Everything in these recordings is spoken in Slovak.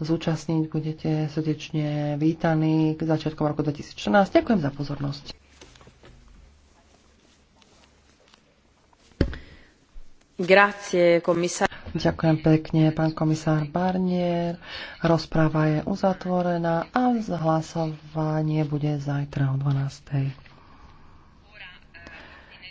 zúčastniť, budete srdečne vítaní k začiatkom roku 2014. Ďakujem za pozornosť. Grazie, komisár. Ďakujem pekne, pán komisár Barnier. Rozpráva je uzatvorená a hlasovanie bude zajtra o 12.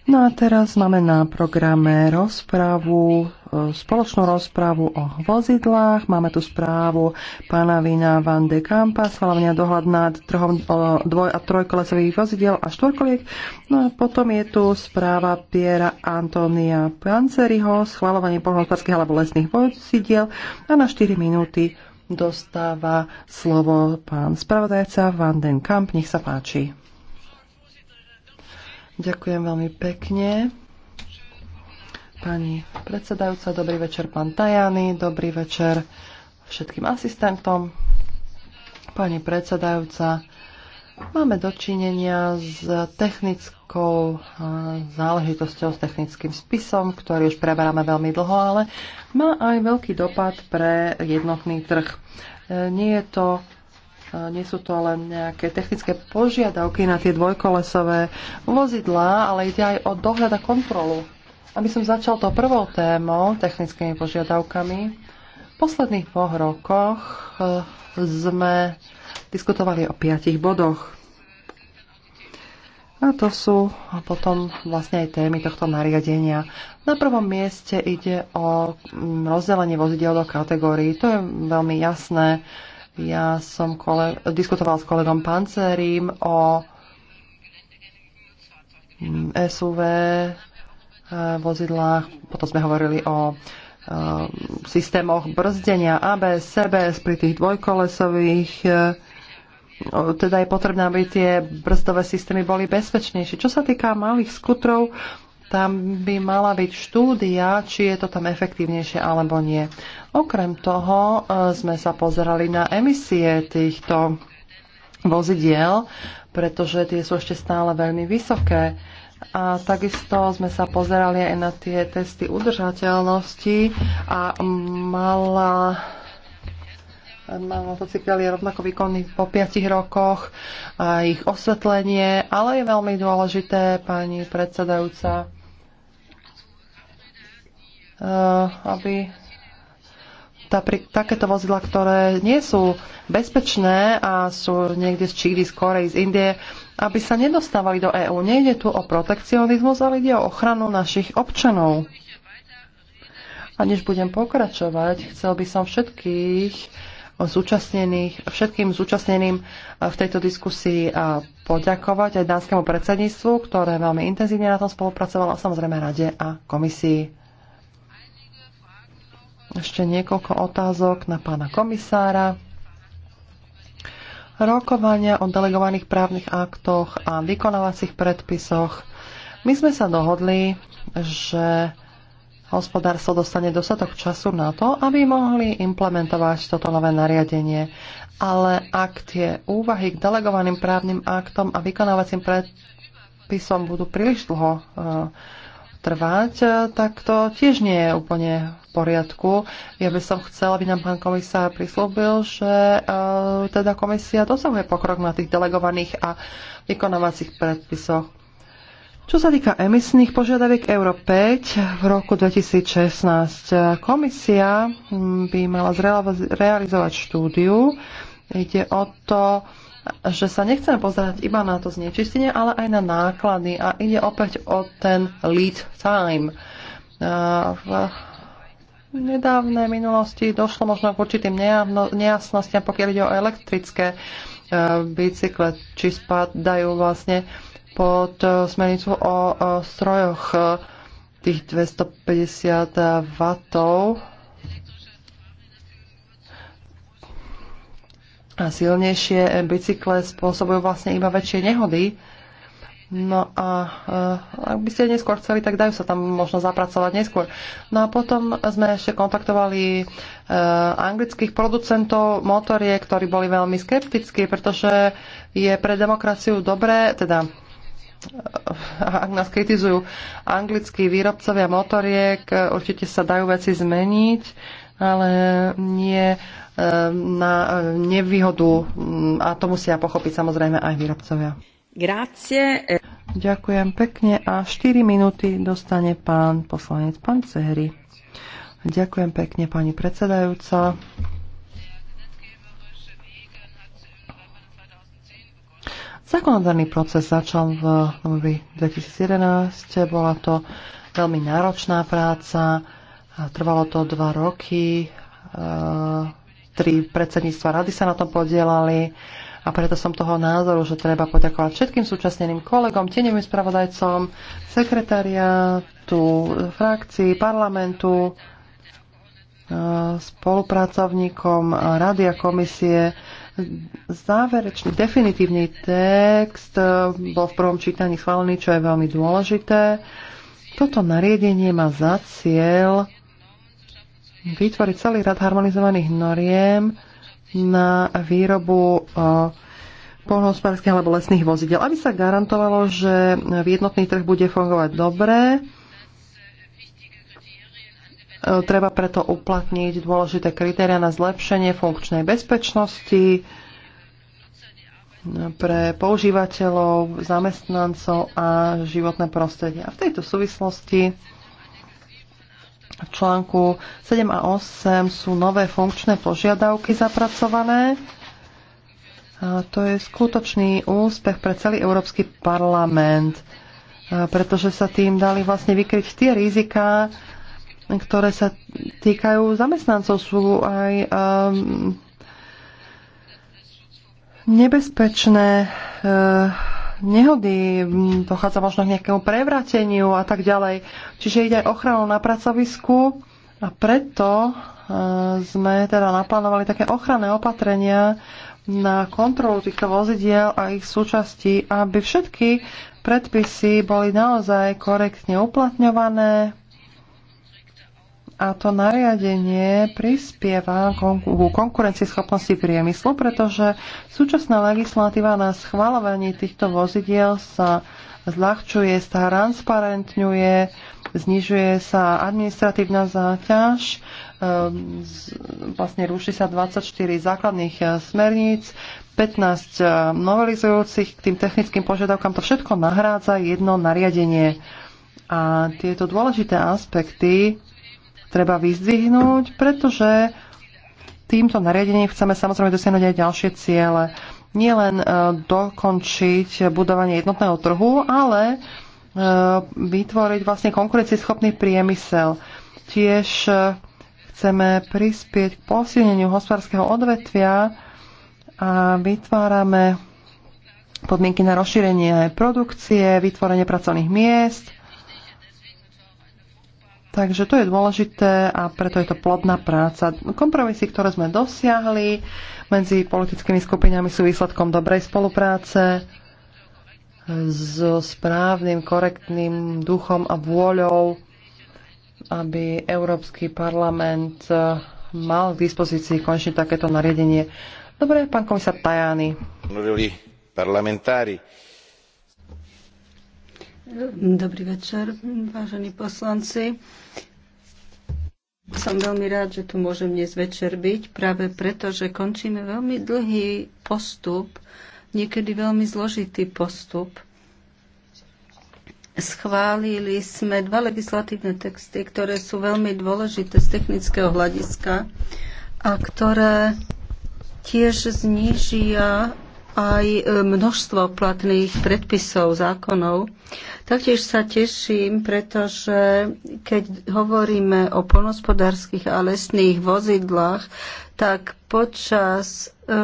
No a teraz máme na programe rozprávu, e, spoločnú rozprávu o vozidlách. Máme tu správu pána Vina Van de Kampa, slavne dohľad nad trhom dvoj- a trojkolesových vozidiel a štvorkoliek. No a potom je tu správa Piera Antonia Panceriho, schvalovanie polnohospodárských alebo lesných vozidiel a na 4 minúty dostáva slovo pán spravodajca Van den Kamp. Nech sa páči. Ďakujem veľmi pekne. Pani predsedajúca, dobrý večer pán Tajany, dobrý večer všetkým asistentom. Pani predsedajúca, máme dočinenia s technickou záležitosťou, s technickým spisom, ktorý už preberáme veľmi dlho, ale má aj veľký dopad pre jednotný trh. E, nie je to E, nie sú to len nejaké technické požiadavky na tie dvojkolesové vozidlá, ale ide aj o dohľad a kontrolu. Aby som začal to prvou témou, technickými požiadavkami, v posledných dvoch rokoch e, sme diskutovali o piatich bodoch. A to sú potom vlastne aj témy tohto nariadenia. Na prvom mieste ide o mm, rozdelenie vozidel do kategórií. To je veľmi jasné. Ja som kole- diskutoval s kolegom pancerím o mm, SUV eh, vozidlách, potom sme hovorili o eh, systémoch brzdenia ABS, CBS pri tých dvojkolesových. Eh, teda je potrebné, aby tie brzdové systémy boli bezpečnejšie. Čo sa týka malých skutrov, tam by mala byť štúdia, či je to tam efektívnejšie alebo nie. Okrem toho e, sme sa pozerali na emisie týchto vozidiel, pretože tie sú ešte stále veľmi vysoké. A takisto sme sa pozerali aj na tie testy udržateľnosti a mala mal motocykel je rovnako výkonný po 5 rokoch, a ich osvetlenie, ale je veľmi dôležité, pani predsedajúca, Eh, aby tá, pri, takéto vozidla, ktoré nie sú bezpečné a sú niekde z Číly, z Korei, z Indie, aby sa nedostávali do EÚ. Nejde tu o protekcionizmus, ale ide o ochranu našich občanov. A než budem pokračovať, chcel by som všetkých zúčastnených, všetkým zúčastneným eh, v tejto diskusii a eh, poďakovať aj dánskému predsedníctvu, ktoré veľmi intenzívne na tom spolupracovalo a samozrejme Rade a komisii. Ešte niekoľko otázok na pána komisára. Rokovania o delegovaných právnych aktoch a vykonávacích predpisoch. My sme sa dohodli, že hospodárstvo dostane dostatok času na to, aby mohli implementovať toto nové nariadenie. Ale ak tie úvahy k delegovaným právnym aktom a vykonávacím predpisom budú príliš dlho uh, trvať, e, tak to tiež nie je úplne v poriadku. Ja by som chcela, aby nám pán komisár prislúbil, že e, teda komisia dosahuje pokrok na tých delegovaných a vykonávacích predpisoch. Čo sa týka emisných požiadaviek Euro 5 v roku 2016, komisia by mala zrealizovať štúdiu. Ide o to, že sa nechceme pozerať iba na to znečistenie, ale aj na náklady. A ide opäť o ten lead time. V nedávnej minulosti došlo možno k určitým nejasnostiam, pokiaľ ide o elektrické e, bicykle, či spadajú vlastne pod e, smernicu o strojoch tých 250 W a silnejšie bicykle spôsobujú vlastne iba väčšie nehody. No a uh, ak by ste neskôr chceli, tak dajú sa tam možno zapracovať neskôr. No a potom sme ešte kontaktovali uh, anglických producentov motorie, ktorí boli veľmi skeptickí, pretože je pre demokraciu dobré, teda e, ak nás kritizujú anglickí výrobcovia motoriek, určite sa dajú veci zmeniť, ale nie na eh, nevýhodu mm, a to musia pochopiť samozrejme aj výrobcovia. Grazie. Ďakujem pekne a 4 minúty dostane pán poslanec pán Cehry. Ďakujem pekne pani predsedajúca. Zákonodárny proces začal v novembri 2011. Bola to veľmi náročná práca. Trvalo to dva roky. Eh, ministri predsedníctva rady sa na tom podielali a preto som toho názoru, že treba poďakovať všetkým súčasneným kolegom, tieňovým spravodajcom, sekretariátu, frakcii, parlamentu, spolupracovníkom rady a komisie. Záverečný, definitívny text e, bol v prvom čítaní schválený, čo je veľmi dôležité. Toto nariadenie má za cieľ vytvoriť celý rad harmonizovaných noriem na výrobu polnohospodárských alebo lesných vozidel, aby sa garantovalo, že jednotný trh bude fungovať dobre. Treba preto uplatniť dôležité kritéria na zlepšenie funkčnej bezpečnosti pre používateľov, zamestnancov a životné prostredie. A v tejto súvislosti v článku 7 a 8 sú nové funkčné požiadavky zapracované. A to je skutočný úspech pre celý Európsky parlament, pretože sa tým dali vlastne vykryť tie rizika, ktoré sa týkajú zamestnancov. Sú aj um, nebezpečné uh, nehody, dochádza možno k nejakému prevrateniu a tak ďalej. Čiže ide aj ochranu na pracovisku a preto e, sme teda naplánovali také ochranné opatrenia na kontrolu týchto vozidiel a ich súčasti, aby všetky predpisy boli naozaj korektne uplatňované a to nariadenie prispieva ku konkurencieschopnosti priemyslu, pretože súčasná legislatíva na schvalovaní týchto vozidiel sa zľahčuje, transparentňuje, znižuje sa administratívna záťaž, ehm, vlastne ruší sa 24 základných e, smerníc, 15 e, novelizujúcich k tým technickým požiadavkám. To všetko nahrádza jedno nariadenie. A tieto dôležité aspekty treba vyzdvihnúť, pretože týmto nariadením chceme samozrejme dosiahnuť aj ďalšie ciele. len e, dokončiť budovanie jednotného trhu, ale e, vytvoriť vlastne konkurencieschopný priemysel. Tiež e, chceme prispieť k posilneniu hospodárskeho odvetvia a vytvárame podmienky na rozšírenie produkcie, vytvorenie pracovných miest Takže to je dôležité a preto je to plodná práca. Kompromisy, ktoré sme dosiahli medzi politickými skupinami sú výsledkom dobrej spolupráce so správnym, korektným duchom a vôľou, aby Európsky parlament mal k dispozícii konečne takéto nariadenie. Dobre, pán komisár Tajani. Parlamentári, Dobrý večer, vážení poslanci. Som veľmi rád, že tu môžem dnes večer byť, práve preto, že končíme veľmi dlhý postup, niekedy veľmi zložitý postup. Schválili sme dva legislatívne texty, ktoré sú veľmi dôležité z technického hľadiska a ktoré tiež znižia aj e, množstvo platných predpisov, zákonov. Taktiež sa teším, pretože keď hovoríme o polnospodárských a lesných vozidlách, tak počas e,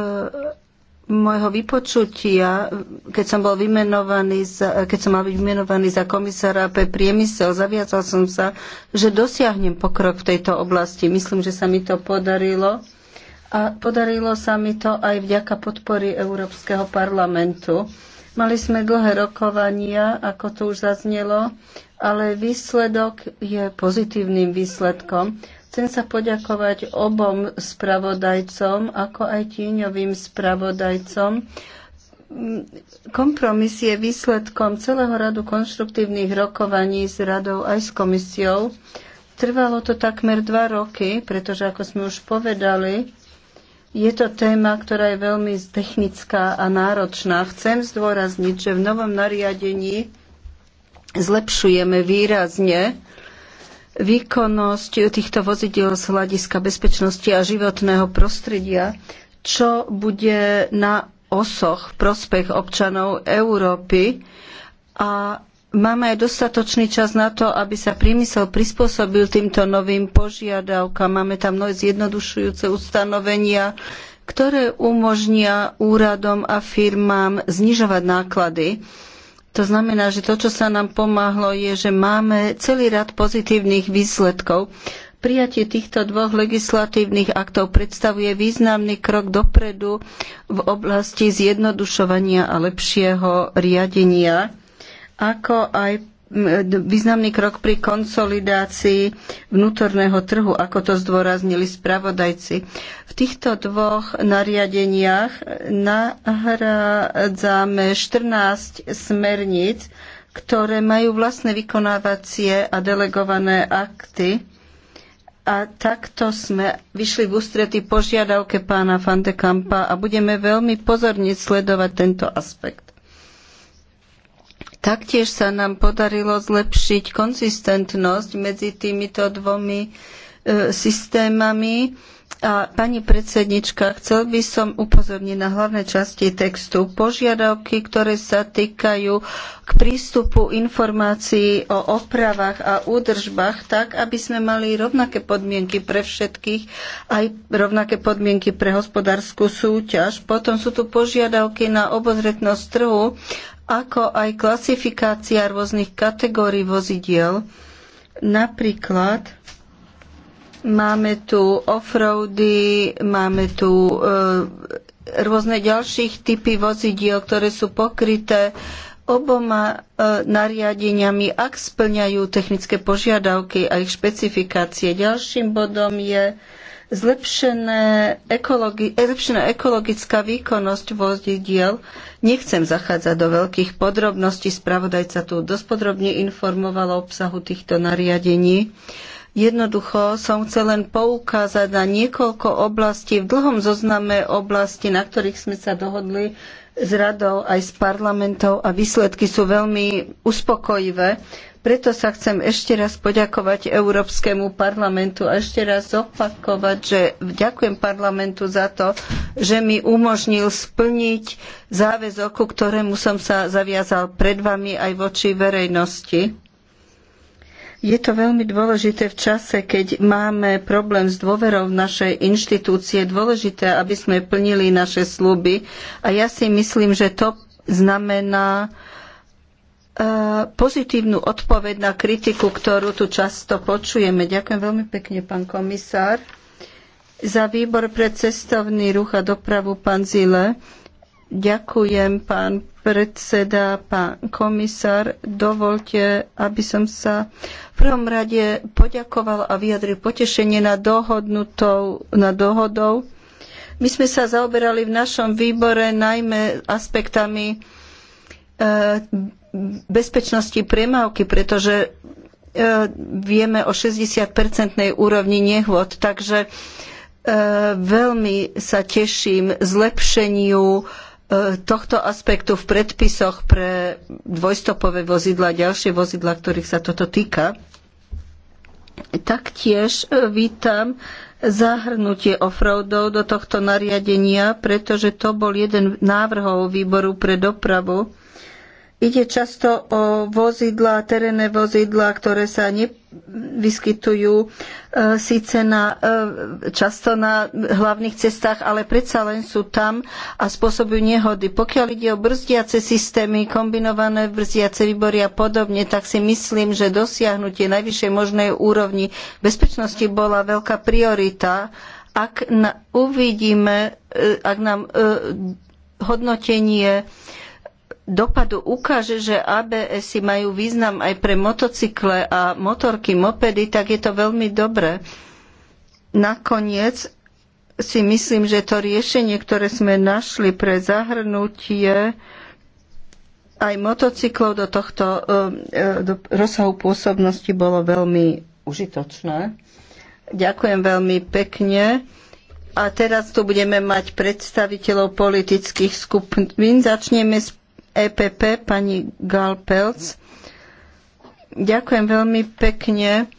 môjho vypočutia, keď som bol vymenovaný, za, keď som mal byť vymenovaný za komisára pre priemysel, zaviazal som sa, že dosiahnem pokrok v tejto oblasti. Myslím, že sa mi to podarilo a podarilo sa mi to aj vďaka podpory Európskeho parlamentu. Mali sme dlhé rokovania, ako to už zaznelo, ale výsledok je pozitívnym výsledkom. Chcem sa poďakovať obom spravodajcom, ako aj tíňovým spravodajcom. Kompromis je výsledkom celého radu konštruktívnych rokovaní s radou aj s komisiou. Trvalo to takmer dva roky, pretože ako sme už povedali, je to téma, ktorá je veľmi technická a náročná. Chcem zdôrazniť, že v novom nariadení zlepšujeme výrazne výkonnosť týchto vozidiel z hľadiska bezpečnosti a životného prostredia, čo bude na osoch prospech občanov Európy a Máme aj dostatočný čas na to, aby sa priemysel prispôsobil týmto novým požiadavkám. Máme tam mnohé zjednodušujúce ustanovenia, ktoré umožnia úradom a firmám znižovať náklady. To znamená, že to, čo sa nám pomáhlo, je, že máme celý rad pozitívnych výsledkov. Prijatie týchto dvoch legislatívnych aktov predstavuje významný krok dopredu v oblasti zjednodušovania a lepšieho riadenia ako aj významný krok pri konsolidácii vnútorného trhu, ako to zdôraznili spravodajci. V týchto dvoch nariadeniach nahrádzame 14 smerníc, ktoré majú vlastné vykonávacie a delegované akty. A takto sme vyšli v ústrety požiadavke pána Fandekampa a budeme veľmi pozorne sledovať tento aspekt. Taktiež sa nám podarilo zlepšiť konzistentnosť medzi týmito dvomi e, systémami. A pani predsednička, chcel by som upozorniť na hlavné časti textu. Požiadavky, ktoré sa týkajú k prístupu informácií o opravách a údržbách, tak aby sme mali rovnaké podmienky pre všetkých, aj rovnaké podmienky pre hospodárskú súťaž. Potom sú tu požiadavky na obozretnosť trhu ako aj klasifikácia rôznych kategórií vozidiel. Napríklad máme tu offroady, máme tu e, rôzne ďalších typy vozidiel, ktoré sú pokryté oboma e, nariadeniami, ak splňajú technické požiadavky a ich špecifikácie. Ďalším bodom je zlepšené ekologi- eh, zlepšená ekologická výkonnosť vozidiel. Nechcem zachádzať do veľkých podrobností, spravodajca tu dosť podrobne informovala o obsahu týchto nariadení. Jednoducho som chcel len poukázať na niekoľko oblastí v dlhom zozname oblasti, na ktorých sme sa dohodli s radou aj s parlamentom a výsledky sú veľmi uspokojivé. Preto sa chcem ešte raz poďakovať Európskemu parlamentu a ešte raz opakovať, že ďakujem parlamentu za to, že mi umožnil splniť záväzok, ku ktorému som sa zaviazal pred vami aj voči verejnosti. Je to veľmi dôležité v čase, keď máme problém s dôverou v našej inštitúcie. Dôležité, aby sme plnili naše sluby. A ja si myslím, že to znamená, Eh, pozitívnu odpoveď na kritiku, ktorú tu často počujeme. Ďakujem veľmi pekne, pán komisár. Za výbor pre cestovný ruch a dopravu, pán Zile. Ďakujem, pán predseda, pán komisár. Dovolte, aby som sa v prvom rade poďakoval a vyjadril potešenie na dohodnutou, na dohodou. My sme sa zaoberali v našom výbore najmä aspektami e, bezpečnosti premávky, pretože e, vieme o 60-percentnej úrovni nehôd, takže e, veľmi sa teším zlepšeniu e, tohto aspektu v predpisoch pre dvojstopové vozidla a ďalšie vozidla, ktorých sa toto týka. Taktiež vítam zahrnutie offroadov do tohto nariadenia, pretože to bol jeden návrhov výboru pre dopravu Ide často o vozidla, terénne vozidla, ktoré sa nevyskytujú e, síce na, e, často na hlavných cestách, ale predsa len sú tam a spôsobujú nehody. Pokiaľ ide o brzdiace systémy, kombinované brzdiace výbory a podobne, tak si myslím, že dosiahnutie najvyššej možnej úrovni bezpečnosti bola veľká priorita. Ak na, uvidíme, e, ak nám hodnotenie dopadu ukáže, že ABS majú význam aj pre motocykle a motorky, mopedy, tak je to veľmi dobré. Nakoniec si myslím, že to riešenie, ktoré sme našli pre zahrnutie aj motocyklov do tohto eh, do rozsahu pôsobnosti bolo veľmi užitočné. Ďakujem veľmi pekne. A teraz tu budeme mať predstaviteľov politických skupín. Začneme s EPP, pani Galpelc. Ďakujem veľmi pekne.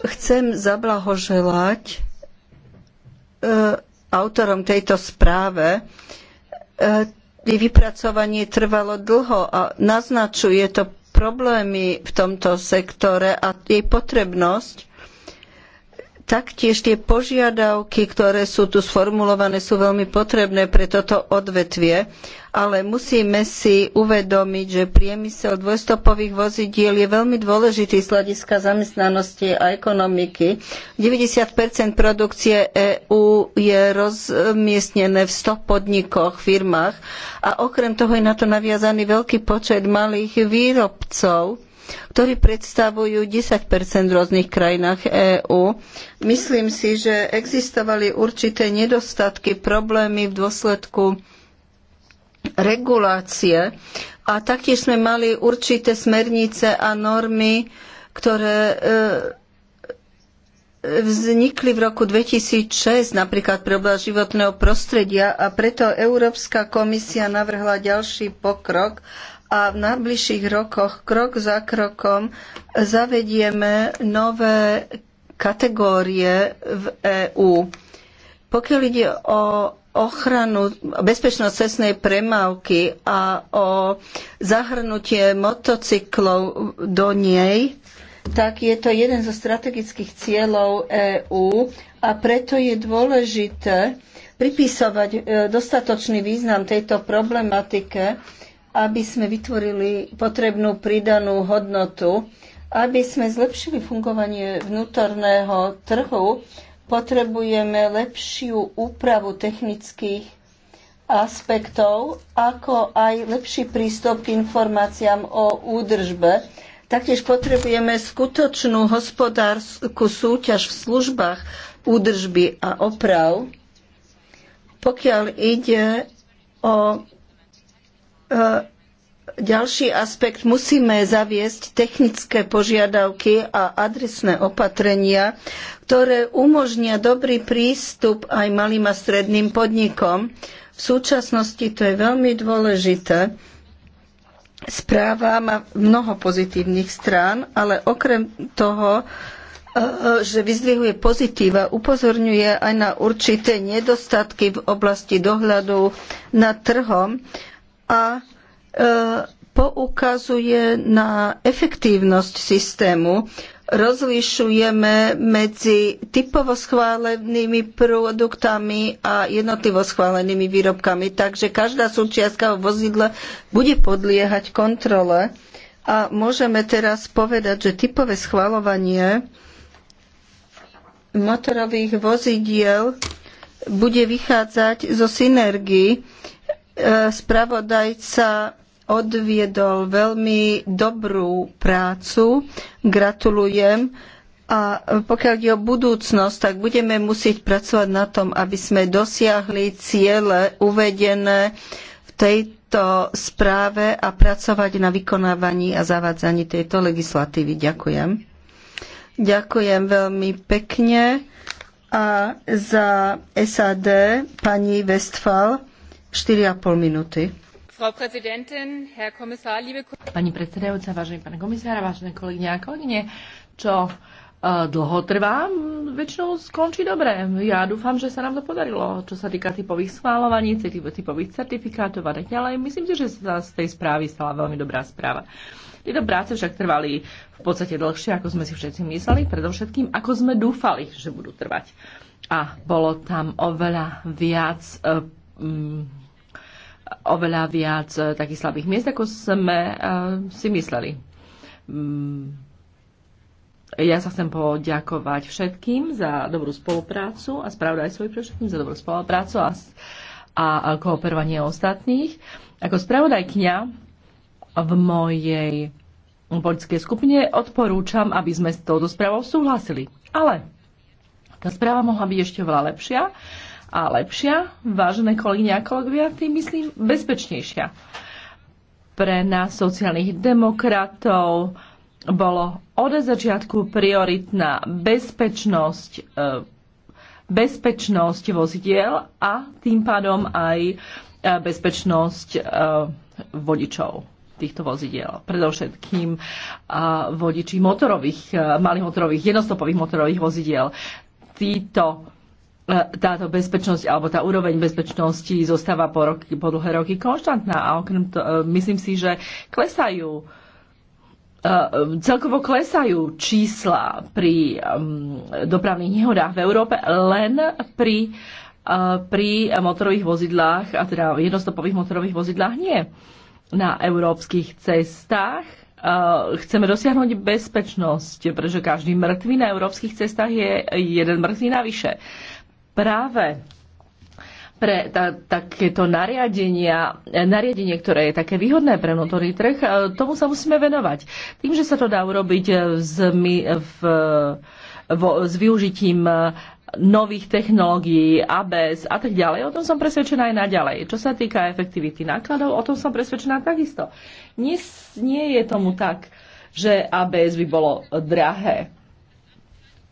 Chcem zablahoželať e, autorom tejto správe. E, vypracovanie trvalo dlho a naznačuje to problémy v tomto sektore a jej potrebnosť Taktiež tie požiadavky, ktoré sú tu sformulované, sú veľmi potrebné pre toto odvetvie, ale musíme si uvedomiť, že priemysel dvojstopových vozidiel je veľmi dôležitý z hľadiska zamestnanosti a ekonomiky. 90 produkcie EÚ je rozmiestnené v 100 podnikoch, firmách a okrem toho je na to naviazaný veľký počet malých výrobcov ktorí predstavujú 10 v rôznych krajinách EÚ. Myslím si, že existovali určité nedostatky, problémy v dôsledku regulácie a taktiež sme mali určité smernice a normy, ktoré e, vznikli v roku 2006 napríklad pre oblasť životného prostredia a preto Európska komisia navrhla ďalší pokrok a v najbližších rokoch krok za krokom zavedieme nové kategórie v EÚ. Pokiaľ ide o ochranu, bezpečnosť cestnej premávky a o zahrnutie motocyklov do nej, tak je to jeden zo strategických cieľov EÚ a preto je dôležité pripisovať e, dostatočný význam tejto problematike, aby sme vytvorili potrebnú pridanú hodnotu. Aby sme zlepšili fungovanie vnútorného trhu, potrebujeme lepšiu úpravu technických aspektov, ako aj lepší prístup k informáciám o údržbe. Taktiež potrebujeme skutočnú hospodárskú súťaž v službách údržby a oprav. Pokiaľ ide o E, ďalší aspekt musíme zaviesť technické požiadavky a adresné opatrenia, ktoré umožnia dobrý prístup aj malým a stredným podnikom. V súčasnosti to je veľmi dôležité. Správa má mnoho pozitívnych strán, ale okrem toho e, že vyzdvihuje pozitíva, upozorňuje aj na určité nedostatky v oblasti dohľadu nad trhom a e, poukazuje na efektívnosť systému. Rozlišujeme medzi typovo schválenými produktami a jednotlivo schválenými výrobkami, takže každá súčiastka vo vozidle bude podliehať kontrole. A môžeme teraz povedať, že typové schvalovanie motorových vozidiel bude vychádzať zo synergii E, spravodajca odviedol veľmi dobrú prácu. Gratulujem. A pokiaľ ide o budúcnosť, tak budeme musieť pracovať na tom, aby sme dosiahli ciele uvedené v tejto správe a pracovať na vykonávaní a zavádzaní tejto legislatívy. Ďakujem. Ďakujem veľmi pekne a za SAD pani Westphal. 4,5 minúty. Pani predsedajúca, vážený pán komisár, vážené kolegyne a kolegyne, čo eh, dlho trvá, mm, väčšinou skončí dobre. Ja dúfam, že sa nám to podarilo, čo sa týka typových schválovaní, typových certifikátov a tak ďalej. Myslím si, že sa z tej správy stala veľmi dobrá správa. Tieto práce však trvali v podstate dlhšie, ako sme si všetci mysleli, predovšetkým ako sme dúfali, že budú trvať. A bolo tam oveľa viac eh, mm, oveľa viac eh, takých slabých miest, ako sme eh, si mysleli. Mm. Ja sa chcem poďakovať všetkým za dobrú spoluprácu a spravodajcovi pre všetkým za dobrú spoluprácu a, a kooperovanie ostatných. Ako spravodajkňa v mojej politickej skupine odporúčam, aby sme s touto správou súhlasili. Ale tá správa mohla byť ešte oveľa lepšia a lepšia, vážené kolegyne a kolegovia, tým myslím bezpečnejšia. Pre nás sociálnych demokratov bolo od začiatku prioritná bezpečnosť, e, bezpečnosť vozidiel a tým pádom aj e, bezpečnosť e, vodičov týchto vozidiel. Predovšetkým vodiči motorových, malých motorových, jednostopových motorových vozidiel. Títo E, táto bezpečnosť alebo tá úroveň bezpečnosti zostáva po, roky, po dlhé roky konštantná a okrem to, e, myslím si, že klesajú e, celkovo klesajú čísla pri dopravných nehodách v Európe len pri, pri motorových vozidlách, a teda jednostopových motorových vozidlách nie. Na európskych cestách chceme dosiahnuť bezpečnosť, pretože každý mŕtvy na európskych cestách je jeden mŕtvy navyše. Uh, práve pre ta, takéto nariadenia, nariadenie, ktoré je také výhodné pre vnútorný trh, e, tomu sa musíme venovať. Tým, že sa to dá urobiť z, e, e, v, vo, s využitím nových technológií, ABS a tak ďalej. O tom som presvedčená aj naďalej. Čo sa týka efektivity nákladov, o tom som presvedčená takisto. Nie, nie je tomu tak, že ABS by bolo drahé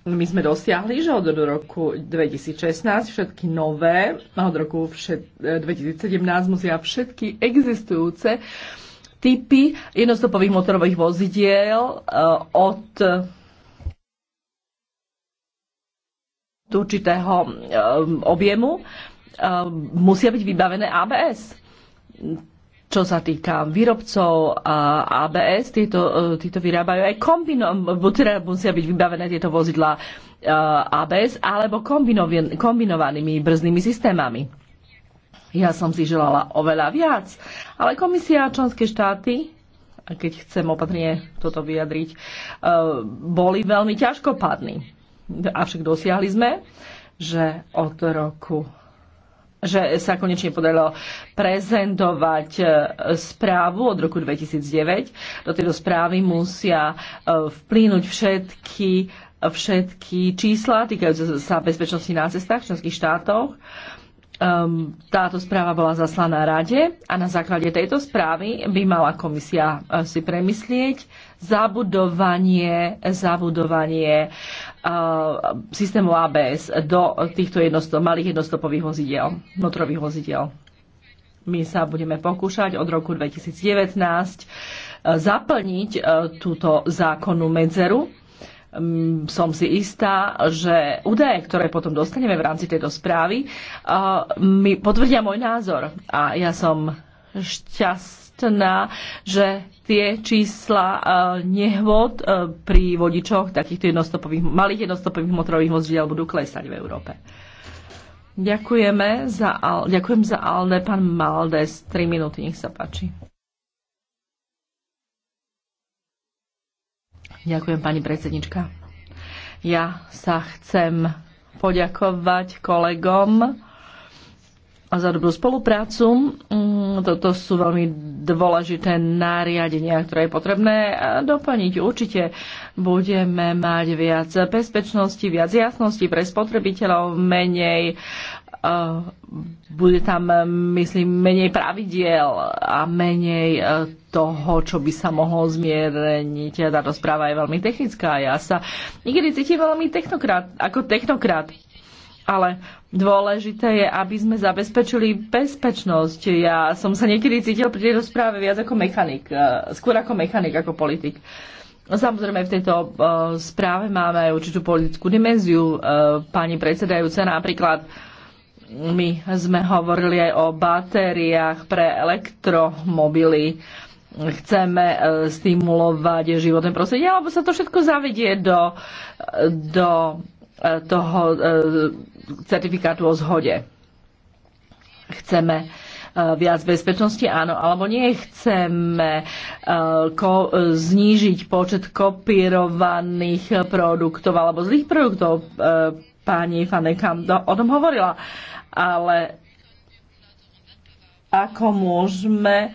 my sme dosiahli, že od roku 2016 všetky nové, a od roku všet, 2017 e, musia všetky existujúce typy jednostopových motorových vozidiel e, od e, určitého objemu musia byť vybavené ABS čo sa týka výrobcov a ABS, e, títo, tieto vyrábajú aj kombinov, teda musia byť vybavené tieto vozidla e, ABS alebo kombinovanými brznými systémami. Ja som si želala oveľa viac, ale komisia a členské štáty keď chcem opatrne toto vyjadriť, e, boli veľmi ťažkopadní. Avšak dosiahli sme, že od roku že sa konečne podarilo prezentovať e, správu od roku 2009. Do tejto správy musia e, vplynúť všetky, e, všetky čísla týkajúce sa bezpečnosti na cestách v členských štátoch Um, táto správa bola zaslaná rade a na základe tejto správy by mala komisia eh, si premyslieť zabudovanie, zabudovanie uh, systému ABS do týchto jednosto- malých jednostopových vozidel, motorových vozidel. My sa budeme pokúšať od roku 2019 eh, zaplniť túto zákonnú medzeru Hm, som si istá, že údaje, ktoré potom dostaneme v rámci tejto správy, eh, mi potvrdia môj názor. A ja som šťastná, že tie čísla eh, nehôd eh, pri vodičoch takýchto jednostopových, malých jednostopových motorových vozidiel budú klesať v Európe. Ďakujeme za, ďakujem za Alde, pán Maldes, 3 minúty, nech sa páči. Ďakujem, pani predsednička. Ja sa chcem poďakovať kolegom za dobrú spoluprácu. Mm, toto sú veľmi dôležité nariadenia, ktoré je potrebné doplniť. Určite budeme mať viac bezpečnosti, viac jasnosti pre spotrebiteľov, menej eh, bude tam, myslím, menej pravidiel a menej eh, toho, čo by sa mohlo zmierniť. Tá správa je veľmi technická. Ja sa niekedy cítim veľmi technokrát, ako technokrát. Ale dôležité je, aby sme zabezpečili bezpečnosť. Ja som sa niekedy cítil pri tej správe viac ako mechanik. Eh, skôr ako mechanik, ako politik. Samozrejme, v tejto eh, správe máme aj určitú politickú dimenziu. Eh, pani predsedajúca napríklad my sme hovorili aj o batériách pre elektromobily chceme e, stimulovať životné prostredie, alebo sa to všetko zavedie do, do e, toho e, certifikátu o zhode. Chceme viac bezpečnosti, áno, alebo nechceme znížiť počet kopírovaných produktov alebo zlých produktov. Pani Fanekam o tom hovorila. Ale ako môžeme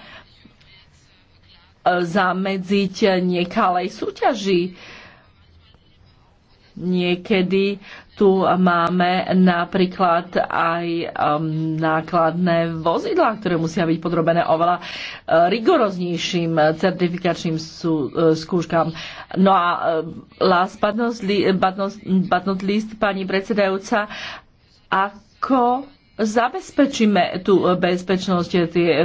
zamedziť nekalej súťaži. Niekedy tu máme napríklad aj um, nákladné vozidlá, ktoré musia byť podrobené oveľa uh, rigoroznejším certifikačným sú, uh, skúškam. No a uh, last but not, least, but not least, pani predsedajúca, ako zabezpečíme tú bezpečnosť tie,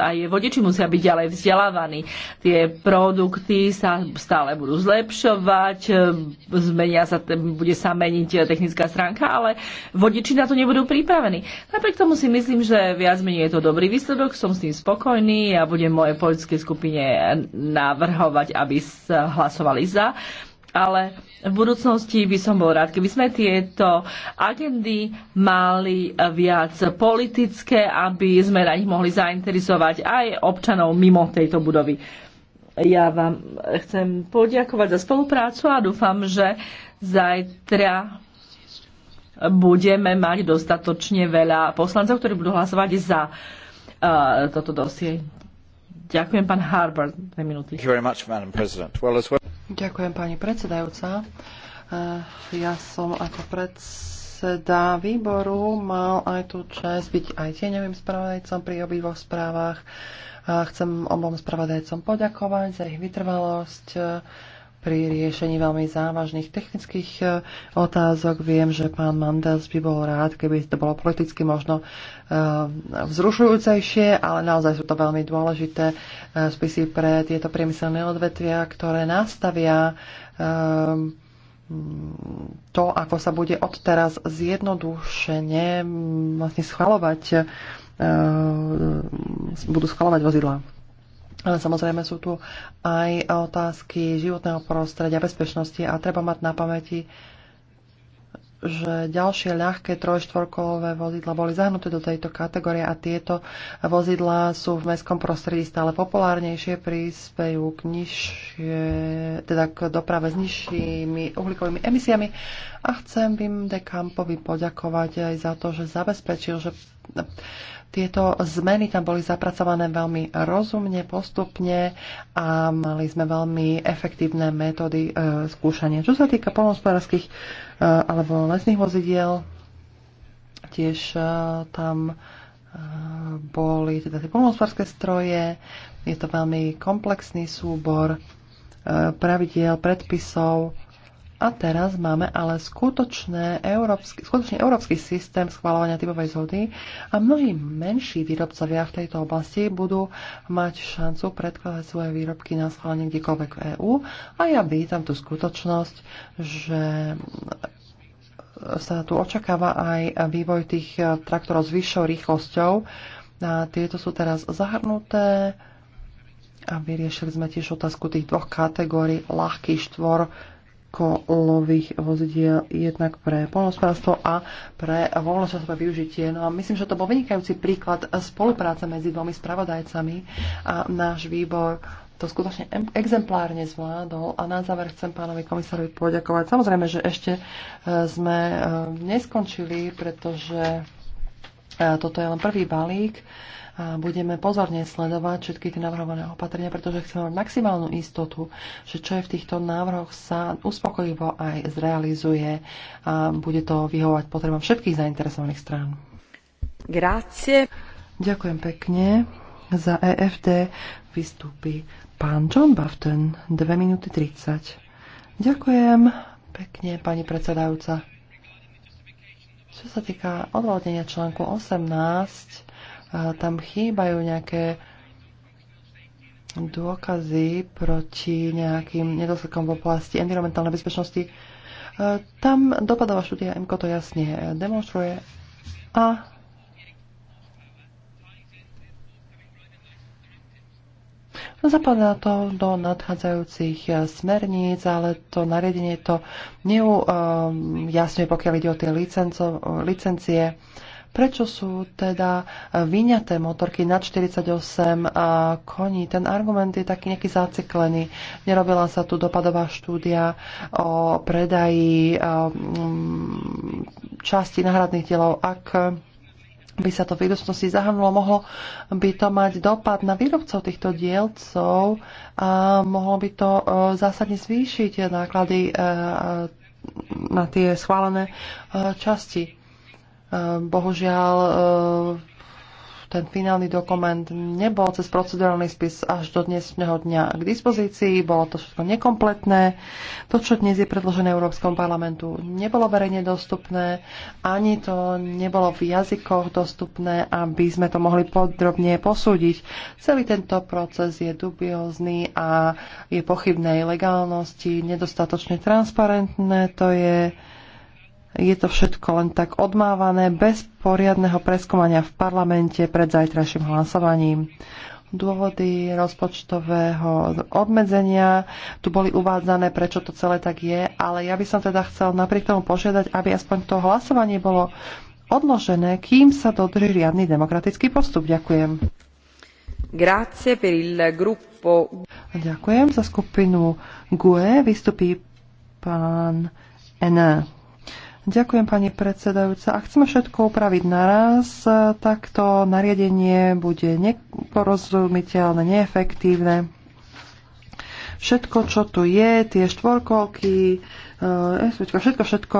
aj vodiči musia byť ďalej vzdelávaní. Tie produkty sa stále budú zlepšovať, e, zmenia sa, e, bude sa meniť technická stránka, ale vodiči na to nebudú pripravení. Napriek tomu si myslím, že viac menej je to dobrý výsledok, som s tým spokojný a ja budem mojej politickej skupine navrhovať, aby hlasovali za ale v budúcnosti by som bol rád, keby sme tieto agendy mali viac politické, aby sme na nich mohli zainteresovať aj občanov mimo tejto budovy. Ja vám chcem poďakovať za spoluprácu a dúfam, že zajtra budeme mať dostatočne veľa poslancov, ktorí budú hlasovať za uh, toto dosie. Ďakujem, pán Harbour, dve minúty. Ďakujem pani predsedajúca. Eh, ja som ako predseda výboru mal aj tú čest byť aj tieňovým spravodajcom pri obývoch správach. Chcem obom spravodajcom poďakovať za ich vytrvalosť pri riešení veľmi závažných technických e, otázok. Viem, že pán Mandas by bol rád, keby to bolo politicky možno e, vzrušujúcejšie, ale naozaj sú to veľmi dôležité e, spisy pre tieto priemyselné odvetvia, ktoré nastavia to, ako sa bude odteraz zjednodušene vlastne schvalovať, budú schvalovať vozidlá. Ale samozrejme sú tu aj otázky životného prostredia, bezpečnosti a treba mať na pamäti, že ďalšie ľahké trojštvorkolové vozidla boli zahnuté do tejto kategórie a tieto vozidlá sú v mestskom prostredí stále populárnejšie, prispejú k, nižšie, teda k doprave s nižšími uhlíkovými emisiami a chcem Vim de Campovi poďakovať aj za to, že zabezpečil, že tieto zmeny tam boli zapracované veľmi rozumne, postupne a mali sme veľmi efektívne metódy e, skúšania. Čo sa týka polnospodárských e, alebo lesných vozidiel, tiež e, tam e, boli teda tie polnospodárske stroje. Je to veľmi komplexný súbor e, pravidiel, predpisov, a teraz máme ale skutočné európsky, skutočný európsky systém schvalovania typovej zhody a mnohí menší výrobcovia v tejto oblasti budú mať šancu predkladať svoje výrobky na schválenie kdekoľvek v EÚ a ja vítam tú skutočnosť, že sa tu očakáva aj vývoj tých eh, traktorov s vyššou rýchlosťou. A tieto sú teraz zahrnuté a vyriešili sme tiež otázku tých dvoch kategórií ľahký štvor kolových vozidiel jednak pre polnospodárstvo a pre voľnočasové využitie. No a myslím, že to bol vynikajúci príklad spolupráce medzi dvomi spravodajcami a náš výbor to skutočne exemplárne zvládol a na záver chcem pánovi komisárovi poďakovať. Samozrejme, že ešte e, sme e, neskončili, pretože e, toto je len prvý balík budeme pozorne sledovať všetky tie navrhované opatrenia, pretože chceme mať maximálnu istotu, že čo je v týchto návrhoch sa uspokojivo aj zrealizuje a bude to vyhovovať potrebám všetkých zainteresovaných strán. Grazie. Ďakujem pekne. Za EFD vystúpi pán John Bafton, 2 minúty 30. Ďakujem pekne, pani predsedajúca. Čo sa týka odvodnenia článku 18, tam chýbajú nejaké dôkazy proti nejakým nedostatkom v oblasti environmentálnej bezpečnosti. E, tam dopadová štúdia MKO to jasne demonstruje a Zapadá to do nadchádzajúcich smerníc, ale to nariadenie to neujasňuje, pokiaľ ide o tie licenco, licencie. Prečo sú teda eh, vyňaté motorky na 48 eh, koní? Ten argument je taký nejaký zaciklený. Nerobila sa tu dopadová štúdia o predaji eh, mm, časti náhradných dielov. Ak by sa to v budúcnosti zahrnulo, mohlo by to mať dopad na výrobcov týchto dielcov a mohlo by to zásadne zvýšiť náklady na tie schválené časti. Eh, bohužiaľ, eh, ten finálny dokument nebol cez procedurálny spis až do dnešného dňa k dispozícii, bolo to všetko nekompletné. To, čo dnes je predložené Európskom parlamentu, nebolo verejne dostupné, ani to nebolo v jazykoch dostupné, aby sme to mohli podrobne posúdiť. Celý tento proces je dubiózny a je pochybnej legálnosti, nedostatočne transparentné, to je je to všetko len tak odmávané bez poriadneho preskúmania v parlamente pred zajtrajším hlasovaním. Dôvody rozpočtového obmedzenia tu boli uvádzané, prečo to celé tak je, ale ja by som teda chcel napriek tomu požiadať, aby aspoň to hlasovanie bolo odložené, kým sa dodrží riadny demokratický postup. Ďakujem. Grazie per il gruppo. Ďakujem za skupinu GUE. Vystupí pán N. Ďakujem, pani predsedajúca. Ak chceme všetko upraviť naraz, tak to nariadenie bude neporozumiteľné, neefektívne. Všetko, čo tu je, tie štvorkolky, eh, všetko, všetko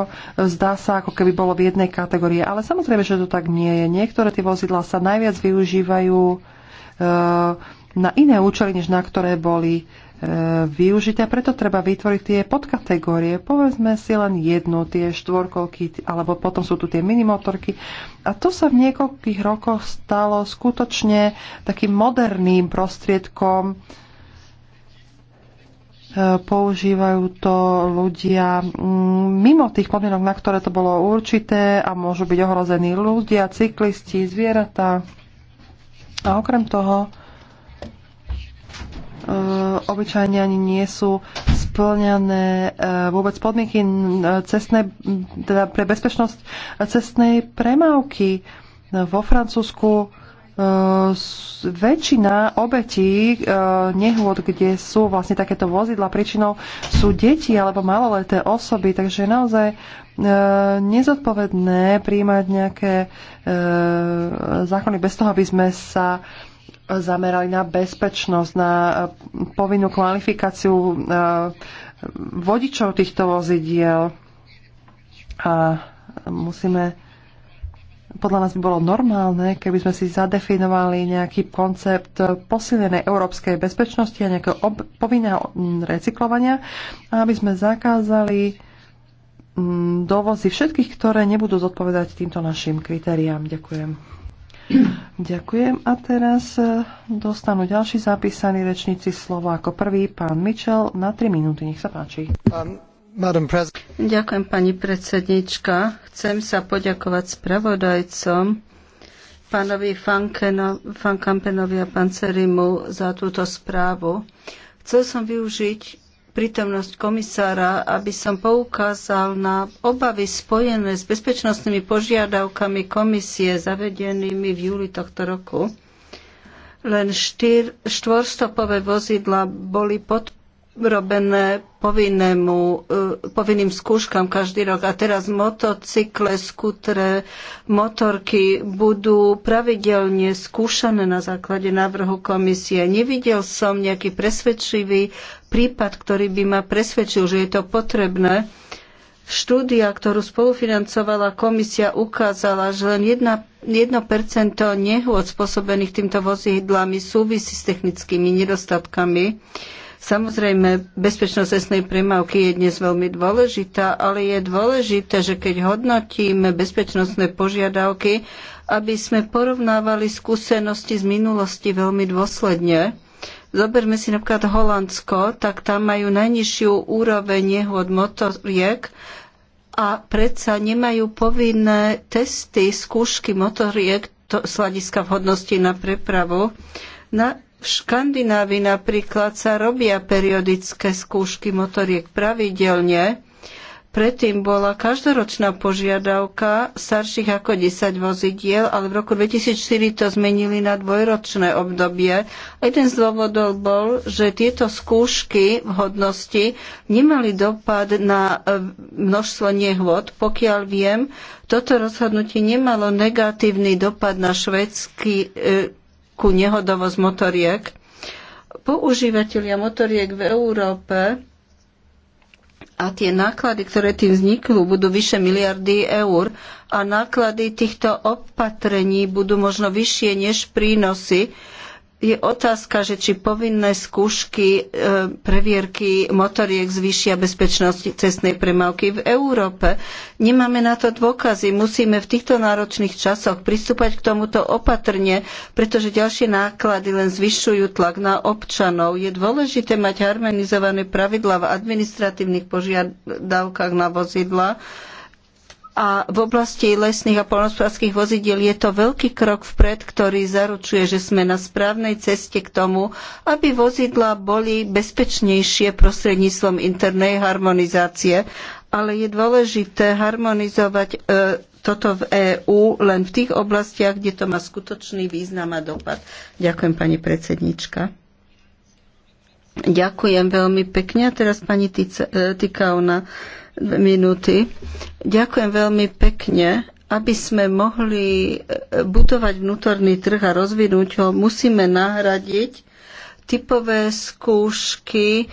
zdá sa, ako keby bolo v jednej kategórii. Ale samozrejme, že to tak nie je. Niektoré tie vozidlá sa najviac využívajú eh, na iné účely, než na ktoré boli E, využité, preto treba vytvoriť tie podkategórie. Povedzme si len jednu, tie štvorkolky, alebo potom sú tu tie minimotorky. A to sa v niekoľkých rokoch stalo skutočne takým moderným prostriedkom. E, používajú to ľudia mm, mimo tých podmienok, na ktoré to bolo určité a môžu byť ohrození ľudia, cyklisti, zvieratá. A okrem toho, Eh, obyčajne ani nie sú splňané eh, vôbec podmienky cestnej, teda pre bezpečnosť eh, cestnej premávky. Vo Francúzsku väčšina obetí nehôd, kde sú vlastne takéto vozidla, príčinou sú deti alebo maloleté osoby, takže je naozaj nezodpovedné príjmať nejaké zákony bez toho, aby sme sa zamerali na bezpečnosť, na eh, povinnú kvalifikáciu eh, vodičov týchto vozidiel. A musíme podľa nás by bolo normálne, keby sme si zadefinovali nejaký koncept posilnenej európskej bezpečnosti a nejakého ob- povinného recyklovania, aby sme zakázali mm, dovozy všetkých, ktoré nebudú zodpovedať týmto našim kritériám. Ďakujem. Ďakujem. A teraz e, dostanú ďalší zapísaní rečníci slovo ako prvý pán Mitchell na 3 minúty. Nech sa páči. Um, Ďakujem, pani predsednička. Chcem sa poďakovať spravodajcom pánovi Fankampenovi a pancerimu za túto správu. Chcel som využiť prítomnosť komisára, aby som poukázal na obavy spojené s bezpečnostnými požiadavkami komisie zavedenými v júli tohto roku. Len štyr, štvorstopové vozidla boli podporované robené povinnému, e, povinným skúškam každý rok. A teraz motocykle, skutre, motorky budú pravidelne skúšané na základe návrhu komisie. Nevidel som nejaký presvedčivý prípad, ktorý by ma presvedčil, že je to potrebné. Štúdia, ktorú spolufinancovala komisia, ukázala, že len 1, 1% nehôd spôsobených týmto vozidlami súvisí s technickými nedostatkami. Samozrejme, bezpečnosť cestnej premávky je dnes veľmi dôležitá, ale je dôležité, že keď hodnotíme bezpečnostné požiadavky, aby sme porovnávali skúsenosti z minulosti veľmi dôsledne. Zoberme si napríklad Holandsko, tak tam majú najnižšiu úroveň nehôd motoriek, a predsa nemajú povinné testy, skúšky motoriek to, sladiska vhodnosti na prepravu. Na, v Škandinávii napríklad sa robia periodické skúšky motoriek pravidelne. Predtým bola každoročná požiadavka starších ako 10 vozidiel, ale v roku 2004 to zmenili na dvojročné obdobie. Jeden z dôvodov bol, že tieto skúšky v hodnosti nemali dopad na e, množstvo nehôd. Pokiaľ viem, toto rozhodnutie nemalo negatívny dopad na švedský e, ku nehodovosť motoriek. Používateľia motoriek v Európe a tie náklady, ktoré tým vzniknú, budú vyše miliardy eur a náklady týchto opatrení budú možno vyššie než prínosy, je otázka, že či povinné skúšky e, previerky motoriek zvýšia bezpečnosť cestnej premávky v Európe. Nemáme na to dôkazy. Musíme v týchto náročných časoch pristúpať k tomuto opatrne, pretože ďalšie náklady len zvyšujú tlak na občanov. Je dôležité mať harmonizované pravidlá v administratívnych požiadavkách na vozidla, a v oblasti lesných a polnospodárských vozidiel je to veľký krok vpred, ktorý zaručuje, že sme na správnej ceste k tomu, aby vozidlá boli bezpečnejšie prostredníctvom internej harmonizácie, ale je dôležité harmonizovať e, toto v EÚ len v tých oblastiach, kde to má skutočný význam a dopad. Ďakujem, pani predsednička. Ďakujem veľmi pekne. A teraz pani Tikauna, e, na dve minúty. Ďakujem veľmi pekne. Aby sme mohli e, budovať vnútorný trh a rozvinúť ho, musíme nahradiť typové skúšky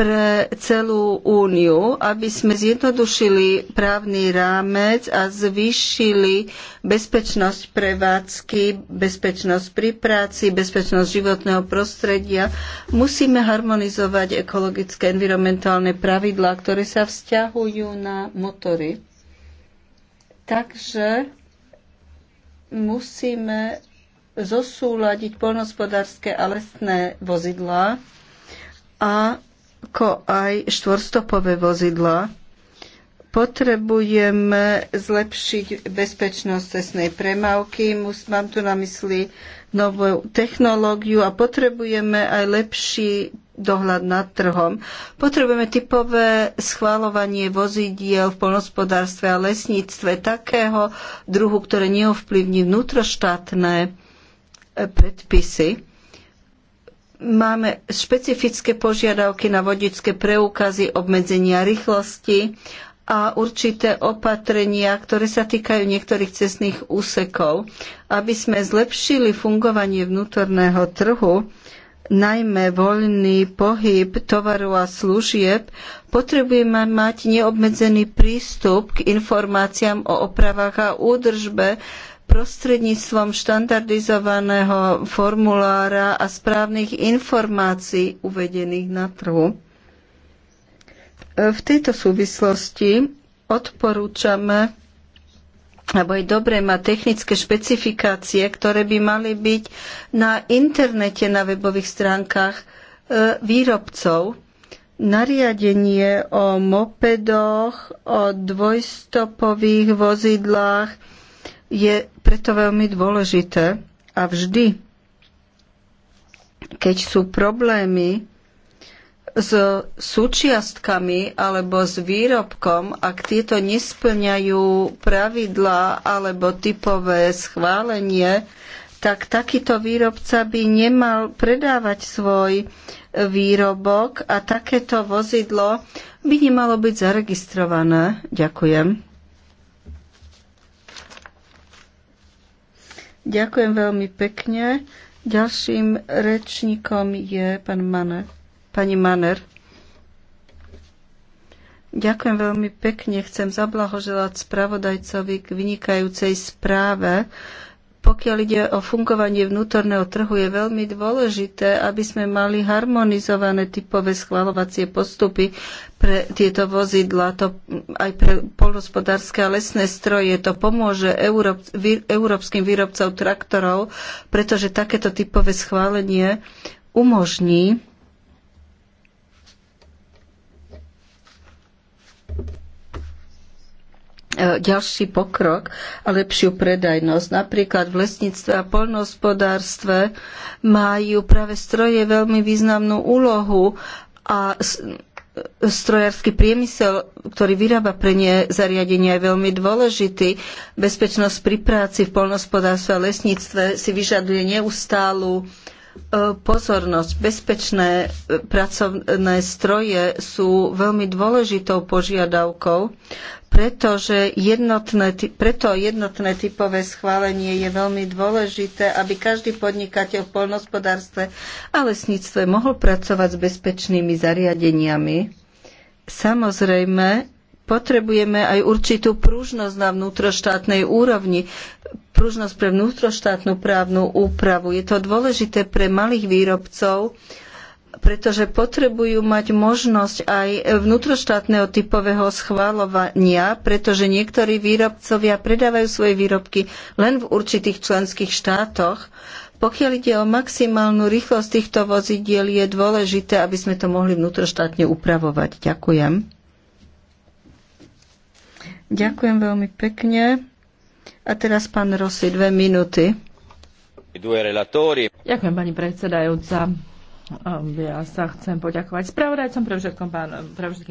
pre celú úniu, aby sme zjednodušili právny rámec a zvýšili bezpečnosť prevádzky, bezpečnosť pri práci, bezpečnosť životného prostredia. Musíme harmonizovať ekologické environmentálne pravidlá, ktoré sa vzťahujú na motory. Takže musíme zosúľadiť poľnohospodárske a lesné vozidlá a ako aj štvorstopové vozidla. Potrebujeme zlepšiť bezpečnosť cestnej premávky, mám tu na mysli novú technológiu a potrebujeme aj lepší dohľad nad trhom. Potrebujeme typové schváľovanie vozidiel v polnospodárstve a lesníctve takého druhu, ktoré neovplyvní vnútroštátne predpisy. Máme špecifické požiadavky na vodičské preukazy, obmedzenia rýchlosti a určité opatrenia, ktoré sa týkajú niektorých cestných úsekov, aby sme zlepšili fungovanie vnútorného trhu najmä voľný pohyb tovaru a služieb, potrebujeme mať neobmedzený prístup k informáciám o opravách a údržbe prostredníctvom štandardizovaného formulára a správnych informácií uvedených na trhu. V tejto súvislosti odporúčame alebo je dobré mať technické špecifikácie, ktoré by mali byť na internete, na webových stránkach e, výrobcov. Nariadenie o mopedoch, o dvojstopových vozidlách, je preto veľmi dôležité a vždy, keď sú problémy s súčiastkami alebo s výrobkom, ak tieto nesplňajú pravidlá alebo typové schválenie, tak takýto výrobca by nemal predávať svoj výrobok a takéto vozidlo by nemalo byť zaregistrované. Ďakujem. Ďakujem veľmi pekne. Ďalším rečníkom je pán Maner. Pani Maner. Ďakujem veľmi pekne. Chcem zablahoželať spravodajcovi k vynikajúcej správe, pokiaľ ide o fungovanie vnútorného trhu, je veľmi dôležité, aby sme mali harmonizované typové schvalovacie postupy pre tieto vozidla, to aj pre polnospodárske a lesné stroje. To pomôže európskym výrobcom traktorov, pretože takéto typové schválenie umožní E, ďalší pokrok a lepšiu predajnosť. Napríklad v lesníctve a poľnohospodárstve majú práve stroje veľmi významnú úlohu a strojársky priemysel, ktorý vyrába pre ne zariadenia, je veľmi dôležitý. Bezpečnosť pri práci v poľnohospodárstve a lesníctve si vyžaduje neustálu uh, E, pozornosť. Bezpečné e, pracovné stroje sú veľmi dôležitou požiadavkou, pretože jednotné, preto jednotné typové schválenie je veľmi dôležité, aby každý podnikateľ v poľnohospodárstve a lesníctve mohol pracovať s bezpečnými zariadeniami. Samozrejme, Potrebujeme aj určitú pružnosť na vnútroštátnej úrovni, pružnosť pre vnútroštátnu právnu úpravu. Je to dôležité pre malých výrobcov, pretože potrebujú mať možnosť aj vnútroštátneho typového schvaľovania, pretože niektorí výrobcovia predávajú svoje výrobky len v určitých členských štátoch. Pokiaľ ide o maximálnu rýchlosť týchto vozidiel, je dôležité, aby sme to mohli vnútroštátne upravovať. Ďakujem. Ďakujem veľmi pekne. A teraz pán Rossi, dve minúty. Ďakujem, pani predsedajúca. Ehm, ja sa chcem poďakovať spravodajcom, pre všetkým,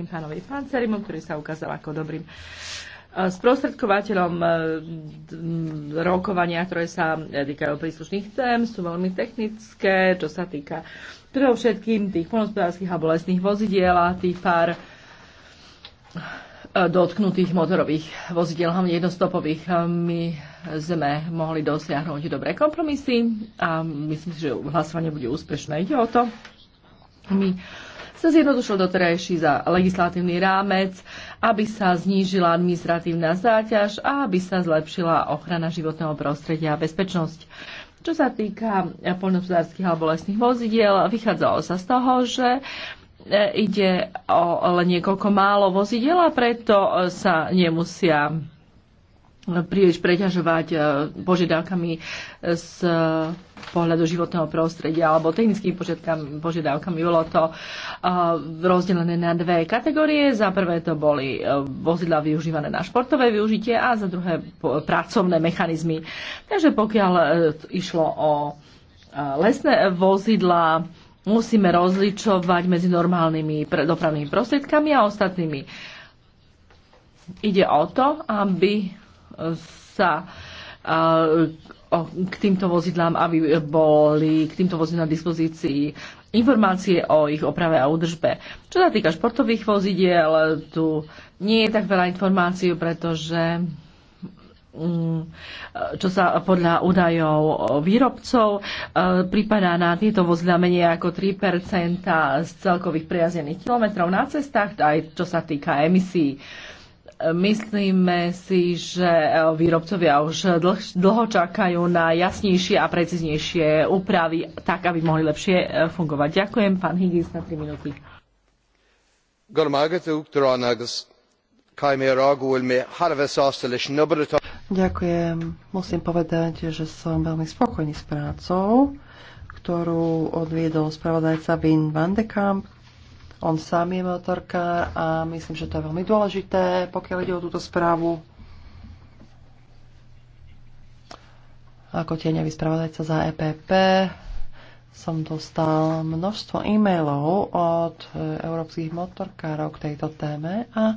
pán, pánovi Pancerimu, ktorý sa ukázal ako dobrým e, sprostredkovateľom e, rokovania, ktoré sa týkajú príslušných tém, sú veľmi technické, čo sa týka predovšetkým tých polnospodárských a bolestných vozidiel a tých pár E, dotknutých motorových vozidel, hlavne jednostopových. E, my sme mohli dosiahnuť dobré kompromisy a myslím si, že hlasovanie bude úspešné. Ide o to. My sa zjednodušil doterajší za legislatívny rámec, aby sa znížila administratívna záťaž a aby sa zlepšila ochrana životného prostredia a bezpečnosť. Čo sa týka poľnohospodárských alebo lesných vozidiel, vychádzalo sa z toho, že E, ide o len niekoľko málo vozidel a preto e, sa nemusia príliš preťažovať e, požiadavkami z pohľadu životného prostredia alebo technickými požiadavkami. Bolo to rozdelené na dve kategórie. Za prvé to boli vozidla využívané na športové využitie a za druhé pracovné mechanizmy. Takže pokiaľ išlo o lesné vozidla, Musíme rozličovať medzi normálnymi dopravnými prostriedkami a ostatnými. Ide o to, aby sa k týmto vozidlám, aby boli k týmto vozidlám na dispozícii informácie o ich oprave a údržbe. Čo sa týka športových vozidiel, tu nie je tak veľa informácií, pretože Mm, čo sa podľa údajov výrobcov e, pripadá na tieto vozidla menej ako 3 z celkových prejazdených kilometrov na cestách, aj čo sa týka emisí. E, myslíme si, že výrobcovia už dlh, dlho čakajú na jasnejšie a preciznejšie úpravy, tak aby mohli lepšie e, fungovať. Ďakujem, pán Higgins, na 3 minúty. Ďakujem. Musím povedať, že som veľmi spokojný s prácou, ktorú odviedol spravodajca Vin van de Kamp. On sám je motorka a myslím, že to je veľmi dôležité, pokiaľ ide o túto správu. Ako tieňový spravodajca za EPP som dostal množstvo e-mailov od európskych motorkárov k tejto téme a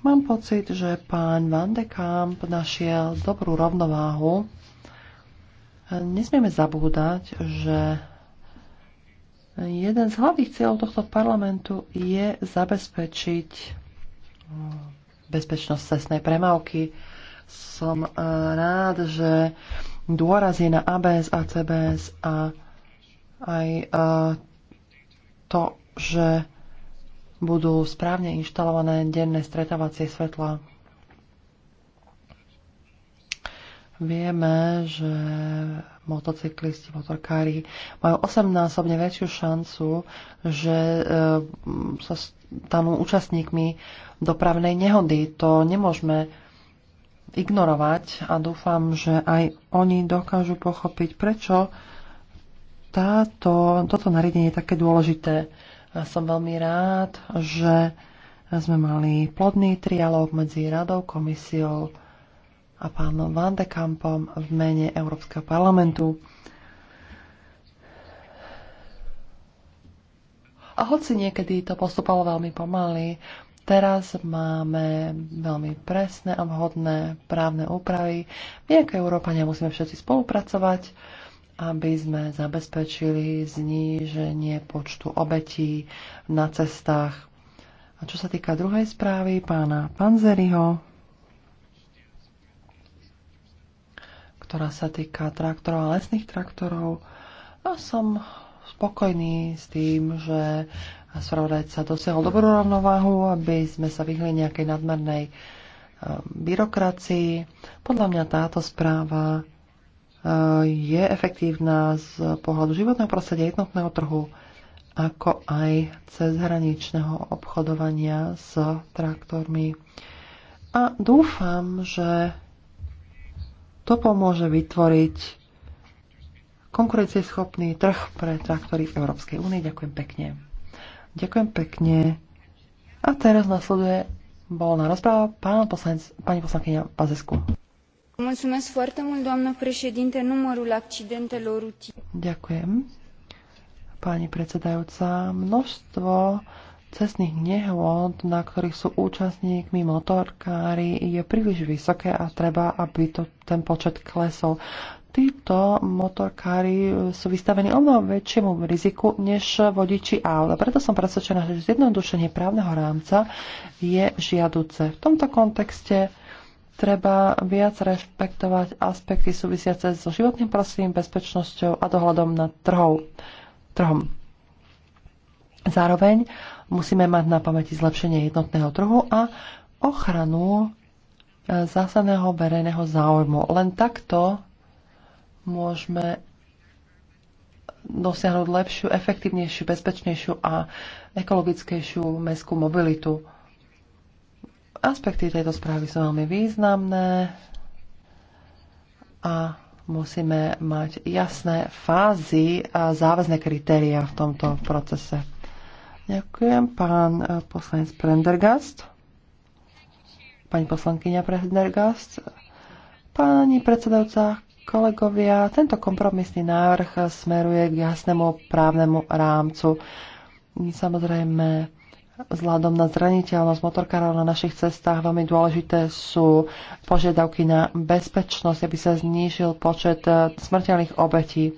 Mám pocit, že pán Van de Kamp našiel dobrú rovnováhu. Nesmieme zabúdať, že jeden z hlavných cieľov tohto parlamentu je zabezpečiť bezpečnosť cestnej premávky. Som eh, rád, že dôraz je na ABS a CBS a aj eh, to, že budú správne inštalované denné stretávacie svetla. Vieme, že motocyklisti, motorkári majú 8-násobne väčšiu šancu, že e, sa stanú účastníkmi dopravnej nehody. To nemôžeme ignorovať a dúfam, že aj oni dokážu pochopiť, prečo táto, toto nariadenie je také dôležité. Som veľmi rád, že sme mali plodný trialóg medzi Radou, komisiou a pánom Van de Kampom v mene Európskeho parlamentu. A hoci niekedy to postupovalo veľmi pomaly, teraz máme veľmi presné a vhodné právne úpravy. My ako Európa nemusíme všetci spolupracovať aby sme zabezpečili zníženie počtu obetí na cestách. A čo sa týka druhej správy pána Panzeriho, ktorá sa týka traktorov a lesných traktorov, no, som spokojný s tým, že sa dosiahol dobrú rovnováhu, aby sme sa vyhli nejakej nadmernej ehm, byrokracii. Podľa mňa táto správa je efektívna z pohľadu životného prostredia, jednotného trhu, ako aj cezhraničného obchodovania s traktormi. A dúfam, že to pomôže vytvoriť konkurencieschopný trh pre traktory v Európskej únie. Ďakujem pekne. Ďakujem pekne. A teraz nasleduje bol na rozpráva pán poslanec, pani poslankyňa Pazesku numărul accidentelor rutiere. Pani predsedajúca, množstvo cestných nehôd, na ktorých sú účastníkmi motorkári, je príliš vysoké a treba, aby to, ten počet klesol. Títo motorkári sú vystavení o mnoho väčšiemu riziku než vodiči aut. Preto som presvedčená, že zjednodušenie právneho rámca je žiaduce. V tomto kontexte treba viac rešpektovať aspekty súvisiace so životným prostredím, bezpečnosťou a dohľadom nad trhov, trhom. Zároveň musíme mať na pamäti zlepšenie jednotného trhu a ochranu e, zásadného verejného záujmu. Len takto môžeme dosiahnuť lepšiu, efektívnejšiu, bezpečnejšiu a ekologickejšiu mestskú mobilitu. Aspekty tejto správy sú veľmi významné a musíme mať jasné fázy a záväzné kritéria v tomto procese. Ďakujem, pán eh, poslanec Prendergast. Pani poslankyňa Prendergast. Pani predsedajúca, kolegovia, tento kompromisný návrh smeruje k jasnému právnemu rámcu. Samozrejme, Vzhľadom na zraniteľnosť motorkárov na našich cestách veľmi dôležité sú požiadavky na bezpečnosť, aby sa znížil počet eh, smrteľných obetí.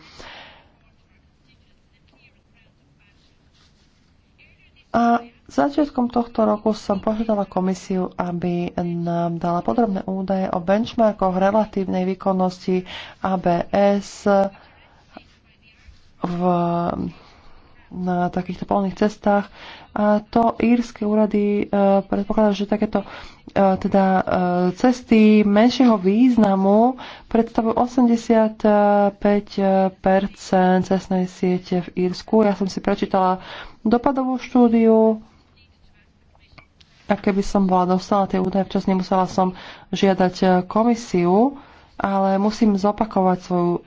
A začiatkom tohto roku som požiadala komisiu, aby nám dala podrobné údaje o benchmarkoch relatívnej výkonnosti ABS v na takýchto polných cestách. A to írske úrady e, predpokladajú, že takéto e, teda e, cesty menšieho významu predstavujú 85 cestnej siete v Írsku. Ja som si prečítala dopadovú štúdiu a keby som bola dostala tie údaje včas, nemusela som žiadať komisiu ale musím zopakovať svoju e,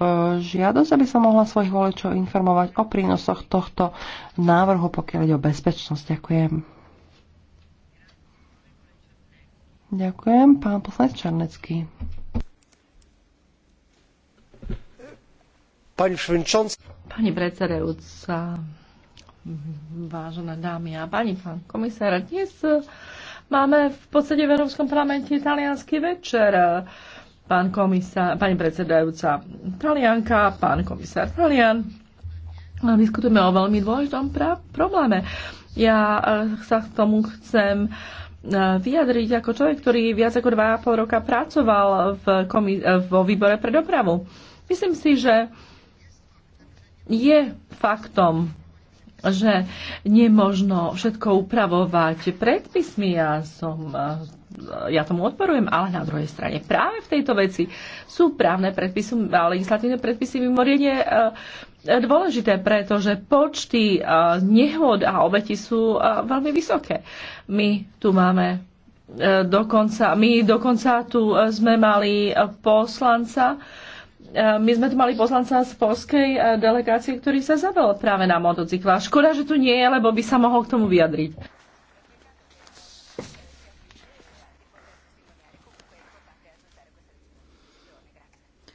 žiadosť, aby som mohla svojich voličov informovať o prínosoch tohto návrhu, pokiaľ ide o bezpečnosť. Ďakujem. Ďakujem. Pán poslanec Čarnecký. Pani predsedajúca, vážené dámy a pani, pán komisár, dnes máme v podstate v Európskom parlamente italianský večer pán komisár, pani predsedajúca Talianka, pán komisár Talian. Diskutujeme o veľmi dôležitom pra- probléme. Ja e, sa k tomu chcem e, vyjadriť ako človek, ktorý viac ako 2,5 roka pracoval v komi- e, vo výbore pre dopravu. Myslím si, že je faktom, že nemožno všetko upravovať predpismi. Ja som ja tomu odporujem, ale na druhej strane práve v tejto veci sú právne predpisy legislatívne predpisy mimoriadne e, dôležité, pretože počty e, nehod a obeti sú e, veľmi vysoké. My tu máme dokonca, my dokonca tu sme mali poslanca, my sme tu mali poslanca z polskej delegácie, ktorý sa zabil práve na motocykla. Škoda, že tu nie je, lebo by sa mohol k tomu vyjadriť.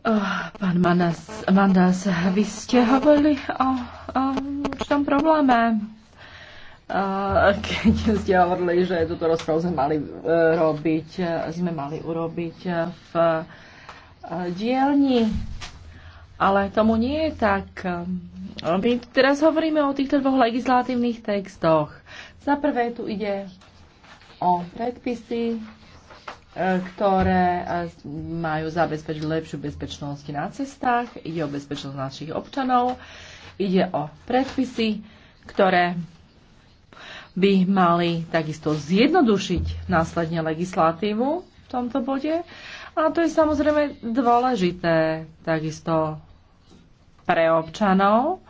Ah, pán Manas, Manas, vy ste hovorili o, o určitom probléme. Ah, keď ste hovorili, že túto rozprávu sme mali eh, robiť, sme mali urobiť eh, v eh, dielni, ale tomu nie je tak. My teraz hovoríme o týchto dvoch legislatívnych textoch. Za prvé tu ide o predpisy, E, ktoré e, majú zabezpečiť lepšiu bezpečnosť na cestách, ide o bezpečnosť našich občanov, ide o predpisy, ktoré by mali takisto zjednodušiť následne legislatívu v tomto bode. A to je samozrejme dôležité takisto pre občanov.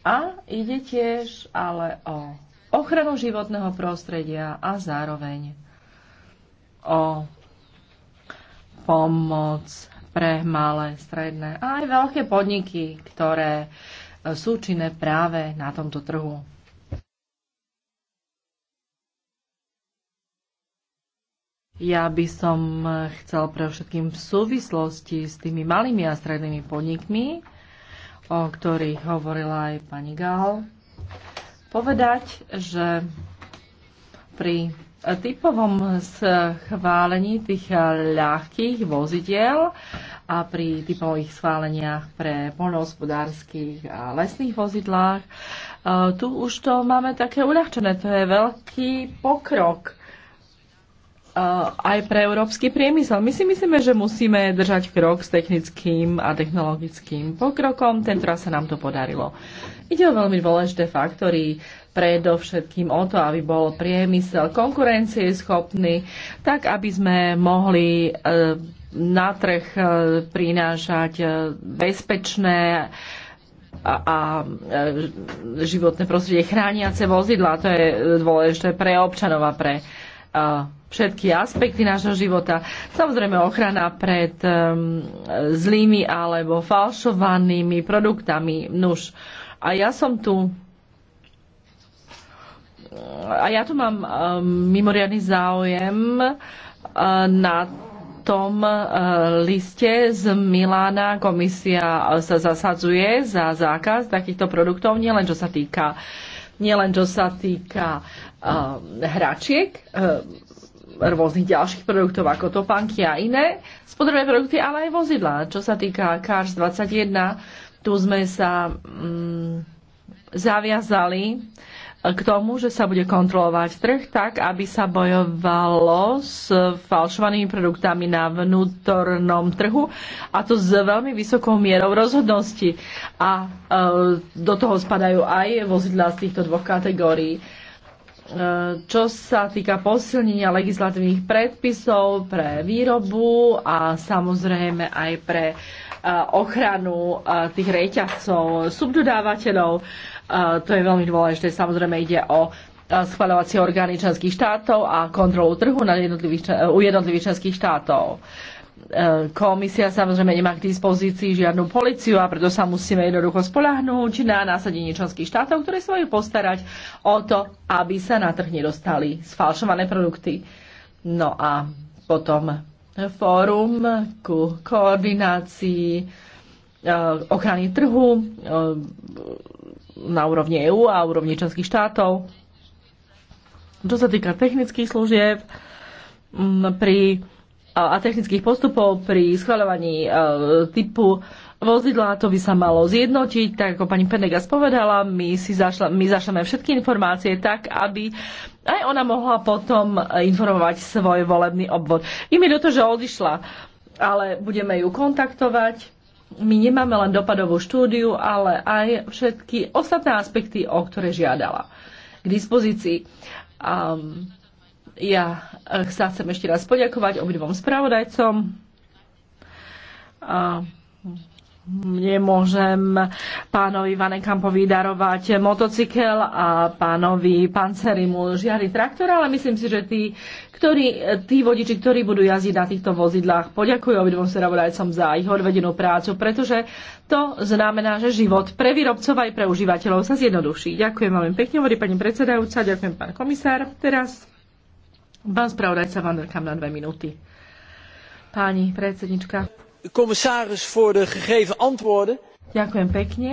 A ide tiež ale o ochranu životného prostredia a zároveň o pomoc pre malé, stredné a aj veľké podniky, ktoré e, sú činné práve na tomto trhu. Ja by som chcel pre všetkým v súvislosti s tými malými a strednými podnikmi, o ktorých hovorila aj pani Gál, povedať, že pri typovom schválení tých ľahkých vozidiel a pri typových schváleniach pre polnohospodárských a lesných vozidlách. E, tu už to máme také uľahčené, to je veľký pokrok e, aj pre európsky priemysel. My si myslíme, že musíme držať krok s technickým a technologickým pokrokom. Tentoraz sa nám to podarilo. Ide o veľmi dôležité faktory, predovšetkým o to, aby bol priemysel konkurencieschopný, tak aby sme mohli eh, na trh eh, prinášať eh, bezpečné a, a životné prostredie chrániace vozidla. To je dôležité pre občanov a pre všetky aspekty nášho života. Samozrejme ochrana pred zlými alebo falšovanými produktami. Nuž, a ja som tu a ja tu mám um, mimoriadný záujem uh, na tom uh, liste z Milána komisia uh, sa zasadzuje za zákaz takýchto produktov, nielen čo sa týka, nielen čo sa týka uh, hračiek, uh, rôznych ďalších produktov ako topánky a iné spotrebné produkty, ale aj vozidla. Čo sa týka Cars 21, tu sme sa mm, zaviazali k tomu, že sa bude kontrolovať trh tak, aby sa bojovalo s falšovanými produktami na vnútornom trhu a to s veľmi vysokou mierou rozhodnosti. A e, do toho spadajú aj vozidla z týchto dvoch kategórií. E, E, čo sa týka posilnenia legislatívnych predpisov pre výrobu a samozrejme aj pre e, ochranu e, tých reťazcov, subdodávateľov. To je veľmi dôležité. Samozrejme ide o schváľovacie orgány členských štátov a kontrolu trhu na jednotlivých, u jednotlivých členských štátov. E, komisia samozrejme nemá k dispozícii žiadnu policiu a preto sa musíme jednoducho spolahnúť na násadenie členských štátov, ktoré sa majú postarať o to, aby sa na trh nedostali sfalšované produkty. No a potom fórum ku koordinácii e, ochrany trhu e, na úrovni EÚ a úrovni členských štátov. Čo sa týka technických služieb, pri a technických postupov pri schvaľovaní e, typu vozidla, to by sa malo zjednotiť, tak ako pani Penegas povedala, my, si zašla, my zašleme všetky informácie tak, aby aj ona mohla potom informovať svoj volebný obvod. I mi do toho, že odišla, ale budeme ju kontaktovať. My nemáme len dopadovú štúdiu, ale aj všetky ostatné aspekty, o ktoré žiadala k dispozícii. Um, ja eh, sa chcem ešte raz poďakovať obidvom spravodajcom. A nemôžem pánovi Vanekampovi darovať motocykel a pánovi panceri mu žiari traktor, ale myslím si, že tí, ktorí, tí vodiči, ktorí budú jazdiť na týchto vozidlách, poďakujú obidvom spravodajcom za ich odvedenú prácu, pretože to znamená, že život pre výrobcov aj pre užívateľov sa zjednoduší. Ďakujem veľmi pekne, hovorí pani predsedajúca, ďakujem pán komisár. Teraz Pán spravodajca Vanderkam na dve minúty. Páni predsednička. Commissaris voor de gegeven antwoorden. Ďakujem pekne.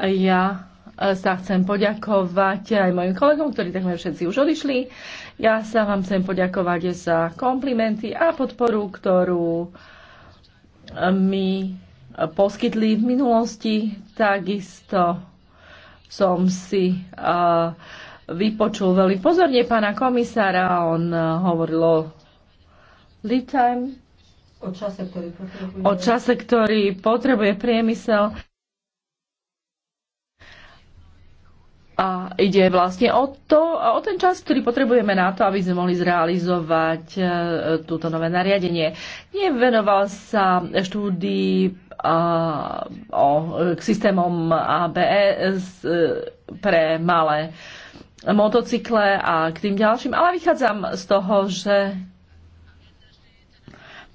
Ja eh, sa chcem poďakovať aj mojim kolegom, ktorí takmer všetci už odišli. Ja sa vám chcem poďakovať za komplimenty a podporu, ktorú eh, mi eh, poskytli v minulosti. Takisto som si uh, vypočul veľmi pozorne pána komisára. On eh, hovoril o lead time, o čase, ktorý potrebuje, o čase, ktorý potrebuje priemysel. A ide vlastne o, to, o ten čas, ktorý potrebujeme na to, aby sme mohli zrealizovať eh, túto nové nariadenie. Nevenoval sa štúdii a, eh, o, k systémom ABS e, pre malé motocykle a k tým ďalším, ale vychádzam z toho, že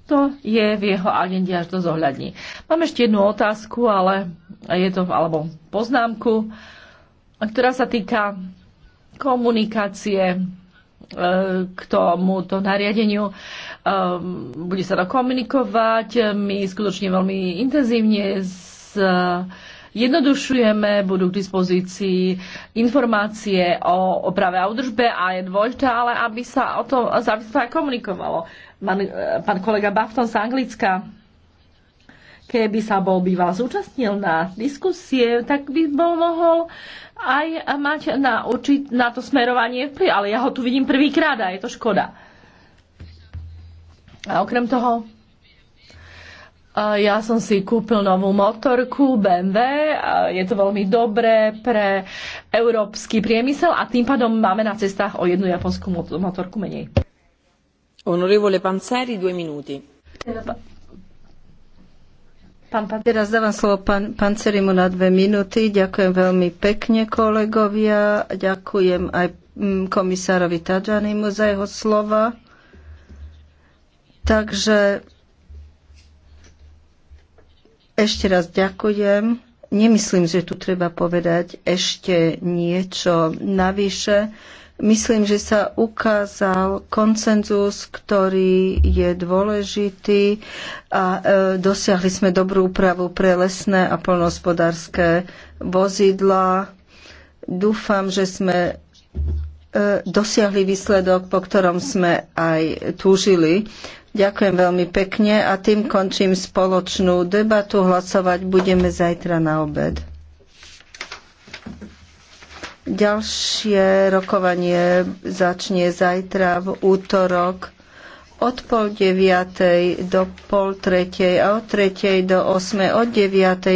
to je v jeho agende až to zohľadní. Mám ešte jednu otázku, ale je to, alebo poznámku, ktorá sa týka komunikácie e, k tomuto nariadeniu. E, bude sa to komunikovať. My skutočne veľmi intenzívne s jednodušujeme, budú k dispozícii informácie o, o práve a údržbe a je dôležité, ale aby sa o to aby sa aj komunikovalo. Man, e, pán kolega Bafton z Anglicka keby sa bol býval zúčastnil na diskusie, tak by bol mohol aj mať na, určit, na to smerovanie vplyv. Ale ja ho tu vidím prvýkrát a je to škoda. A okrem toho, ja som si kúpil novú motorku BMW, je to veľmi dobré pre európsky priemysel a tým pádom máme na cestách o jednu japonskú motorku menej. Honorevole Panceri, dve minúty. Pán, pán, teraz dávam slovo pán, pán Cerimu na dve minúty. Ďakujem veľmi pekne kolegovia. Ďakujem aj mm, komisárovi Tadžanimu za jeho slova. Takže ešte raz ďakujem. Nemyslím, že tu treba povedať ešte niečo navyše. Myslím, že sa ukázal koncenzus, ktorý je dôležitý a e, dosiahli sme dobrú úpravu pre lesné a polnohospodárske vozidla. Dúfam, že sme e, dosiahli výsledok, po ktorom sme aj túžili. Ďakujem veľmi pekne a tým končím spoločnú debatu. Hlasovať budeme zajtra na obed. Ďalšie rokovanie začne zajtra v útorok od pol deviatej do pol tretej a od tretej do osmej od deviatej